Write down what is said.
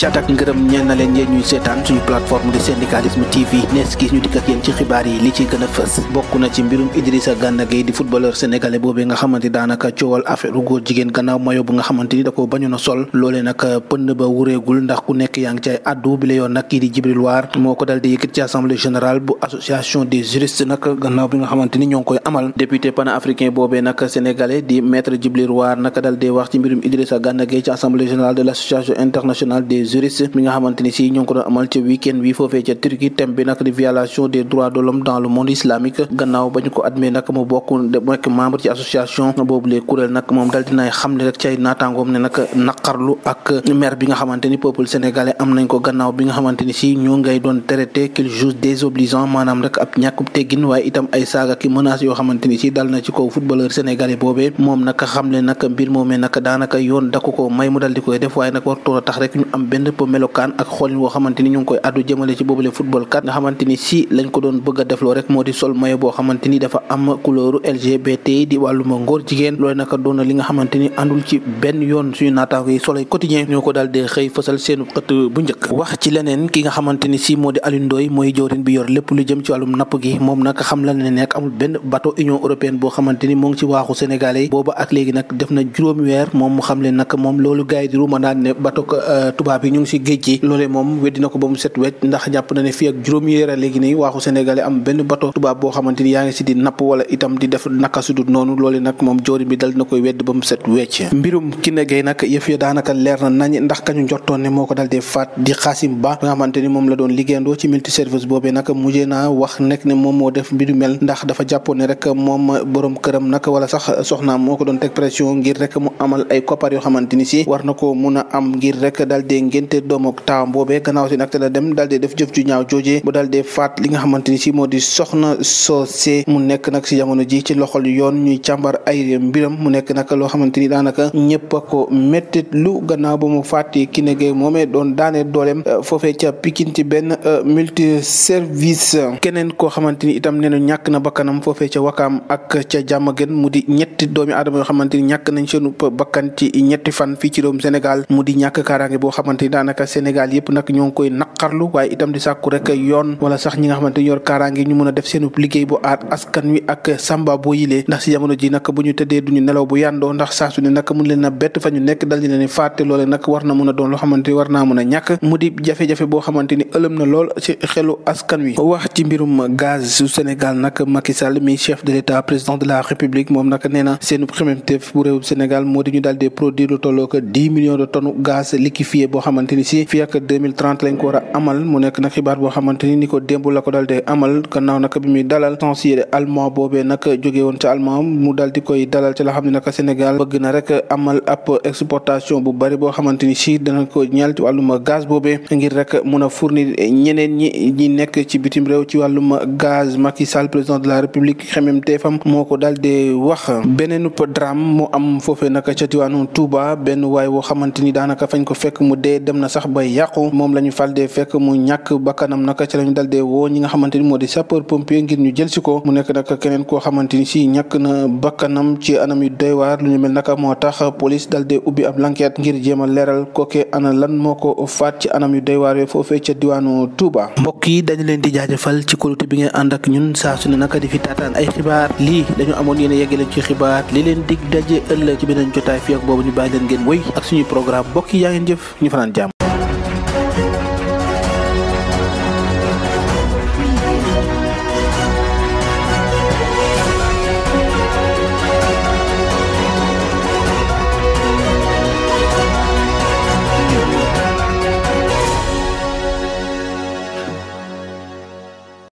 cat ak ngërëm ñeen na leen yéen ñuy seetaan suñu plateforme de syndicalisme TV nees gis ñu dikk ak ci xibaar yi li ci gën a bokk na ci mbirum Idrissa Gana Gueye di footballeur sénégalais boobee nga xamante daanaka coowal affaire góor jigéen gannaaw mayo bu nga xamante ni da ko bañoon a sol loolee nag pënd ba wuréegul ndax ku nekk yaa ngi cay addu bi la yoon kii di Djibril War moo ko dal di yëkkati ci assemblée générale bu association des juristes nag gannaaw bi nga xamante ni ñoo ngi koy amal député panafricain boobee nag sénégalais di maître Djibril War naka dal wax ci mbirum Idrissa Gana Gueye ci assemblée générale juriste mi nga xamante ni si amal ca week-end bi Turquie thème bi violation des droits de l'homme dans le monde islamique gannaaw ba ñu ko ci association doon traité qu'il juge désobligeant maanaam rek ab ñàkkub teggin waaye itam ay saaga ki menace yoo xamante dal na ci kaw footballeur sénégalais boobee moom nag xamle nag mbir moomee nag daanaka yoon da ko ko may mu dal di koy def waaye nag wartoor a tax rek ñu am benn po melokaan ak xoolin woo xamante ni ñu ngi koy addu jëmale ci boobule football si lañ ko doon bëgg a defloo rek moo di sol mayo boo xamante dafa am couleur LGBT di wàlluma ngóor jigéen loolu naka doon na li nga xamante ni ni si moo di Alioune Ndoye mooy jawriñ bi yor lépp lu jëm ci wàllum napp gi moom nag xam la ne nekk amul benn bateau union européenne boo xamante ni moo ngi ci waaxu sénégalais yi booba ak léegi nag def na weer moom xam leen nag moom loolu gars yi di ruuma euh, tubaab bi ñu ngi si géej gi loolee moom weddi ndax boo xamante ni yaa ngi si di napp wala itam di def naka sudut noonu loolee nag moom joori bi dal dina koy wedd ba mu set wecc mbirum kañu njortoon ne moo ko dal dee faat di xaasim ba nga xamante ni moom la doon liggéeyandoo ci multi service boobee nag mujjee naa wax nekk ne moom moo def mbiru mel ndax dafa jàppoon ne rek moom borom këram nag wala sax soxnaam moo ko doon teg pression ngir rek mu amal ay koppar yoo xamante ni si war na ko mun a am ngir rek dal diggante doom ak taawam boobee gannaaw seen acte la dem daal def jëf ju ñaaw joojee bu daal faat li nga si moo soxna soosee mu nekk nag si jamono ji ci loxol yoon ñuy càmbar ay mbiram mu nekk nag loo xamante ni daanaka ñëpp a ko méttit lu gannaaw ba mu fàtti ki ne gay moomee doon daane dooleem euh, foofee ca Pikine ci benn euh, multi service keneen koo xamante ni itam nee na ñàkk na bakkanam foofee ca wakaam ak ca jàmm mu di ñetti doomi aadama yoo xamante ni ñàkk nañ seenu bakkan ci ñetti fan fii ci yi daanaka Sénégal yëpp nag ñoo ngi koy naqarlu waaye itam di sàkku rek yoon wala sax ñi nga xamante ñor kaaraange ñu mën a def seen liggéey bu aar askan wi ak samba boo yilee ndax si jamono ji nag bu ñu tëddee duñu a ñu nekk dal di leen fàtte loole nag mun a doon loo xamante war mun a ñàkk mu di jafe-jafe boo xamante ëlëm na lool ci xelu askan wi wax ci mbirum gaz Sénégal nag Macky mi chef de l'état président de la république moom nag xamante ni si fii ak 2030 lañ ko war a amal mu nekk nag xibaar boo xamante ni ko démb ko dal amal gannaaw nag bi muy dalal conseiller allemand boobee nag jóge woon ca allemand mu dal koy dalal ci la ne nag Sénégal bëgg na rek amal ab exportation bu bari boo xamante ni si dana ko ci a fournir ñeneen ñi ñi nekk ci bitim réew ci wàllum gaz Macky président de la république xemem teefam moo ko dal di wax beneen drame mu am foofee nag ca diwaanu Touba benn waay woo daanaka fañ loolee dem na sax bay yàqu moom la ñu fal dee fekk mu ñàkk bakkanam naka ci la ñu woo ñi nga xamante ni moo di sapeur pompier ngir ñu jël si ko mu nekk nag keneen koo xamante ni si ñàkk na bakkanam ci anam yu doy waar lu ñu mel naka moo tax police dal dee ubbi ab lankeet ngir jéem a leeral kooke ana lan moo ko faat ci anam yu day waar yooyu foofee ca diwaanu Touba. mbokk yi dañu leen di jaajëfal ci kóolute bi ngeen ànd ñun saa su ne naka di fi taataan ay xibaar lii dañu amoon yéen a yeggee ci xibaar li leen dig daje ëllëg ci beneen boobu ñu bàyyi leen